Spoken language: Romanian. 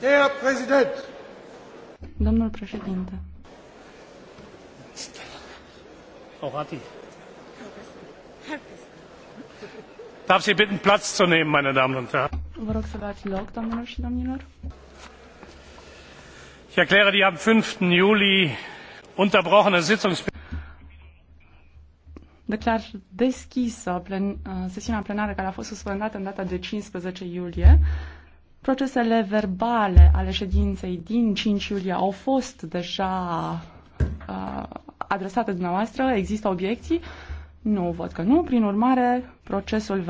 Herr Präsident! Domnul președinte. Frau Orati. Darf Sie bitten, Platz zu nehmen, meine Damen und Herren. Vă rog să luați loc, doamnelor și domnilor. Ich erkläre die am 5. Juli unterbrochene Sitzungs Declar deschisă plen, uh, sesiunea plenară care a fost suspendată în data de 15 iulie. Procesele verbale ale ședinței din 5 iulie au fost deja uh, adresate dumneavoastră. Există obiecții? Nu văd că nu. Prin urmare, procesul verbal